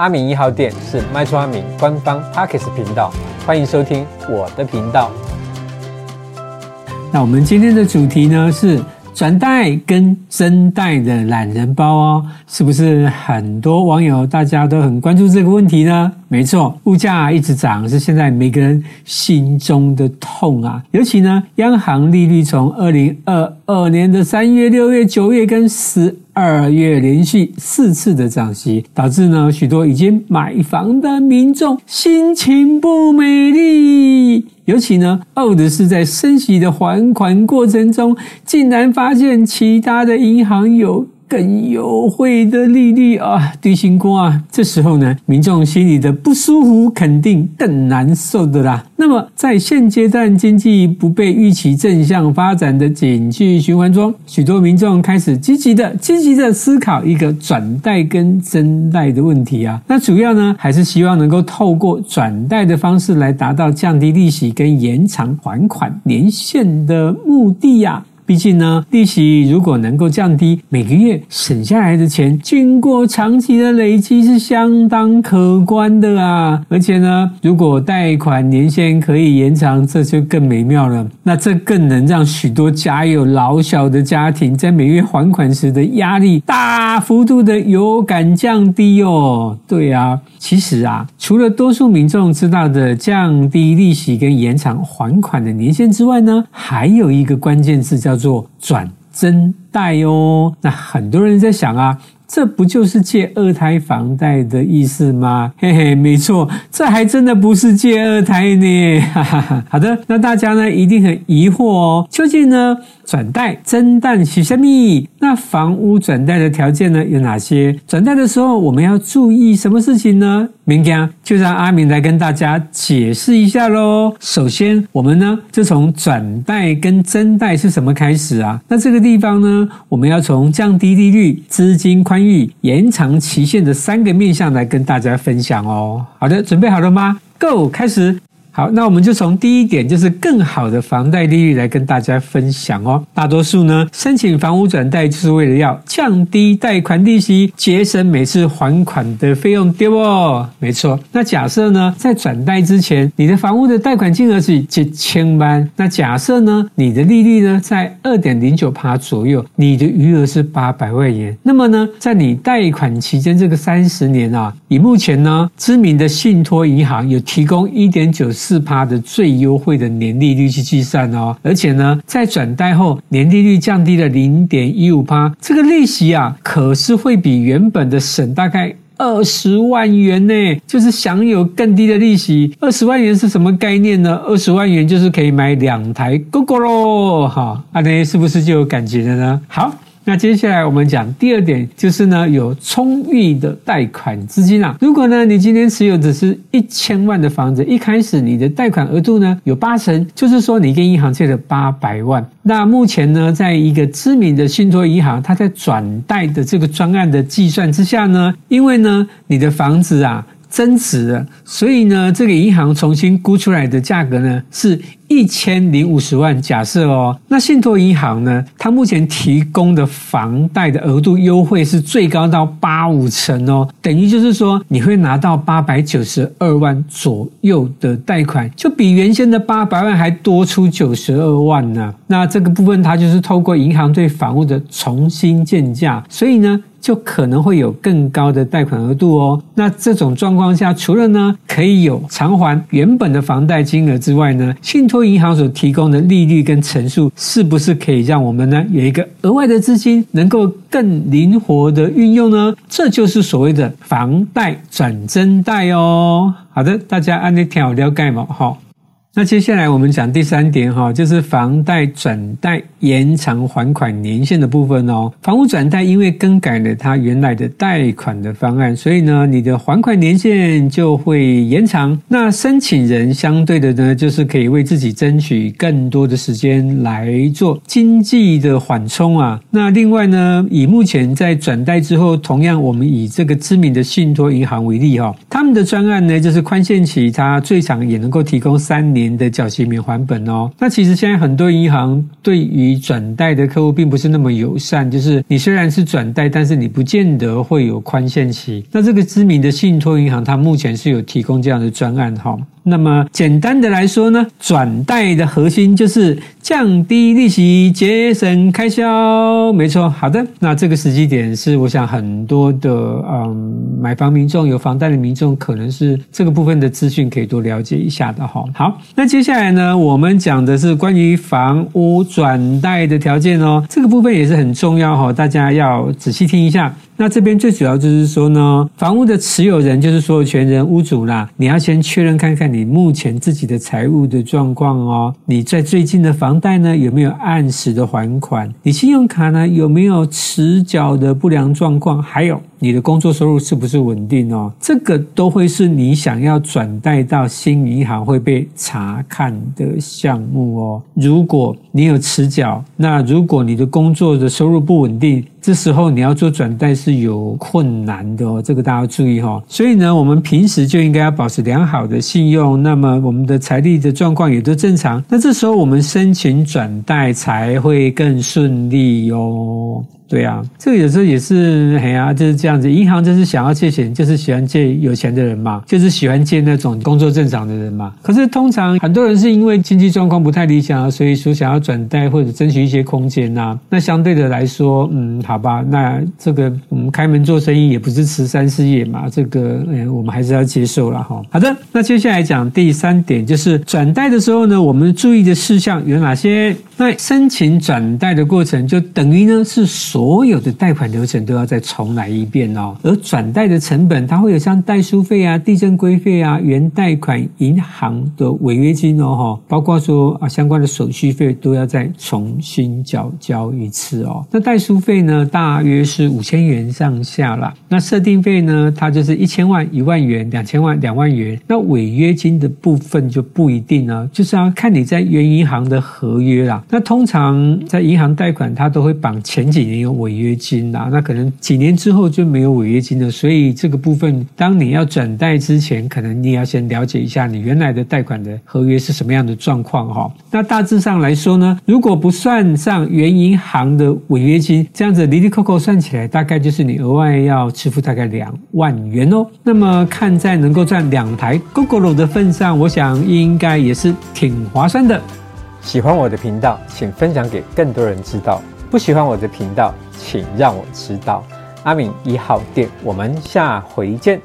阿明一號店是賣厝阿明官方 Podcast 頻道，歡迎收聽我的頻道。那我們今天的主題呢是轉貸跟增貸的懶人包哦，是不是很多網友大家都很關注這個問題呢？沒錯，物價一直漲是現在每個人心中的痛啊，尤其呢央行利率從二零二二年的三月、六月、九月跟十。二月連續四次的漲息，導致呢許多已經買房的民眾心情不美麗。尤其呢，嘔的是在升息的還款過程中，竟然發現其他的銀行有。更優惠的利率啊，低息鍋啊，這時候呢，民眾心裡的不舒服肯定更難受的啦。那麼，在現階段經濟不被預期正向發展的景氣循環中，許多民眾開始積極的、積極的思考一個轉貸跟增貸的問題啊。那主要呢，還是希望能夠透過轉貸的方式來達到降低利息跟延長還款年限的目的呀、啊。畢竟呢，利息如果能夠降低，每個月省下來的錢，經過長期的累積是相當可觀的啊。而且呢，如果貸款年限可以延長，這就更美妙了。那這更能讓許多家有老小的家庭在每月還款時的壓力大幅度的有感降低哦。對啊，其實啊，除了多數民眾知道的降低利息跟延長還款的年限之外呢，還有一個關鍵字叫做。做轉增貸哦，那很多人在想啊，這不就是借二胎房貸的意思嗎？嘿嘿，沒錯，這還真的不是借二胎呢。哈哈哈，好的，那大家呢一定很疑惑哦，究竟呢轉貸增貸是蝦咪，那房屋轉貸的條件呢有哪些？轉貸的時候我們要注意什麼事情呢？明天就讓阿明來跟大家解釋一下嘍。首先，我們呢就從轉貸跟增貸是什麼開始啊。那這個地方呢，我們要從降低利率、資金寬裕、延長期限的三個面向來跟大家分享哦。好的，準備好了嗎？Go，開始！好，那我們就從第一點，就是更好的房貸利率來跟大家分享哦。大多數呢，申請房屋轉貸就是為了要降低貸款利息，節省每次還款的費用，對不？沒錯。那假設呢，在轉貸之前，你的房屋的貸款金額是幾千萬，那假設呢，你的利率呢在二點零九趴左右，你的餘額是八百萬元，那麼呢，在你貸款期間這個三十年啊，以目前呢知名的信托銀行有提供一點九。四趴的最優惠的年利率去計算哦，而且呢，在轉貸後年利率降低了零點一五趴，這個利息啊可是會比原本的省大概二十萬元呢，就是享有更低的利息。二十萬元是什麼概念呢？二十萬元就是可以買兩台 Gogoro、嘍，哈，阿、啊、爹是不是就有感覺了呢？好。那接下來我們講第二點，就是呢，有充裕的貸款資金啊。如果呢，你今天持有只是一千萬的房子，一開始你的貸款額度呢有八成，就是說你跟銀行借了八百萬。那目前呢，在一個知名的信托銀行，它在轉貸的這個專案的計算之下呢，因為呢，你的房子啊。增值了，所以呢，這個銀行重新估出來的價格呢，是一千零五十萬。假設哦，那信托銀行呢，它目前提供的房貸的額度優惠是最高到八五成哦，等於就是說你會拿到八百九十二萬左右的貸款，就比原先的八百萬還多出九十二萬呢、啊。那這個部分它就是透過銀行對房屋的重新鑑價，所以呢。就可能會有更高的貸款額度哦。那這種狀況下，除了呢可以有償還原本的房貸金額之外呢，信托銀行所提供的利率跟成數，是不是可以讓我們呢有一個額外的資金能夠更靈活的運用呢？這就是所謂的房貸轉增貸哦。好的，大家按呢聽有了解嗎？哈。那接下來我們講第三點哈，就是房貸轉貸延長還款年限的部分哦。房屋轉貸因為更改了它原來的貸款的方案，所以呢，你的還款年限就會延長。那申請人相對的呢，就是可以為自己爭取更多的時間來做經濟的緩衝啊。那另外呢，以目前在轉貸之後，同樣我們以這個知名的信託銀行為例哈，他們的專案呢就是寬限期，它最長也能夠提供三年，你的繳息免還本哦，那其實現在很多銀行對於轉貸的客戶並不是那麼友善，就是你雖然是轉貸，但是你不見得會有寬限期。那這個知名的信托銀行，它目前是有提供這樣的專案哈哦。那麼簡單的來說呢，轉貸的核心就是。降低利息，節省開銷，沒錯。好的，那這個時機點是，我想很多的嗯，買房民眾有房貸的民眾，可能是這個部分的資訊可以多了解一下的齁。好，那接下來呢，我們講的是關於房屋轉貸的條件哦，這個部分也是很重要齁，大家要仔細聽一下。那這邊最主要就是說呢，房屋的持有人就是所有權人、屋主啦，你要先確認看看你目前自己的財務的狀況哦。你在最近的房貸呢有沒有按時的還款？你信用卡呢有沒有遲繳的不良狀況？還有。你的工作收入是不是穩定哦？這個都會是你想要轉貸到新銀行會被查看的項目哦。如果你有遲繳，那如果你的工作的收入不穩定，這時候你要做轉貸是有困難的哦。這個大家要注意哈、哦。所以呢，我們平時就應該要保持良好的信用，那麼我們的財力的狀況也都正常，那這時候我們申請轉貸才會更順利喲、哦。對啊，這個有時候也是哎呀、啊，就是這樣子。銀行就是想要借錢，就是喜歡借有錢的人嘛，就是喜歡借那種工作正常的人嘛。可是通常很多人是因為經濟狀況不太理想啊，所以說想要轉貸或者爭取一些空間吶、啊。那相對的來說，嗯，好吧，那這個我們、嗯、開門做生意也不是慈善事業嘛，這個嗯，我們還是要接受了哈。好的，那接下來講第三點，就是轉貸的時候呢，我們注意的事項有哪些？那申請轉貸的過程就等於呢是所所有的貸款流程都要再重來一遍哦，而轉貸的成本它會有像代書費啊、地政規費啊、原貸款銀行的違約金哦，包括說啊相關的手續費都要再重新繳交一次哦。那代書費呢，大約是五千元上下啦。那設定費呢，它就是一千萬一萬元、兩千萬兩萬元。那違約金的部分就不一定了、啊，就是要、啊、看你在原銀行的合約啦。那通常在銀行貸款，它都會綁前幾年。違約金啊，那可能幾年之後就沒有違約金了。所以這個部分，當你要轉貸之前，可能你要先了解一下你原來的貸款的合約是什麼樣的狀況哈、哦。那大致上來說呢，如果不算上原銀行的違約金，這樣子離離扣扣算起來，大概就是你額外要支付大概兩萬元哦。那麼看在能夠賺兩台 Gogoro 的份上，我想應該也是挺划算的。喜歡我的頻道，請分享給更多人知道。不喜歡我的頻道，請讓我知道。阿明一號店，我們下回見。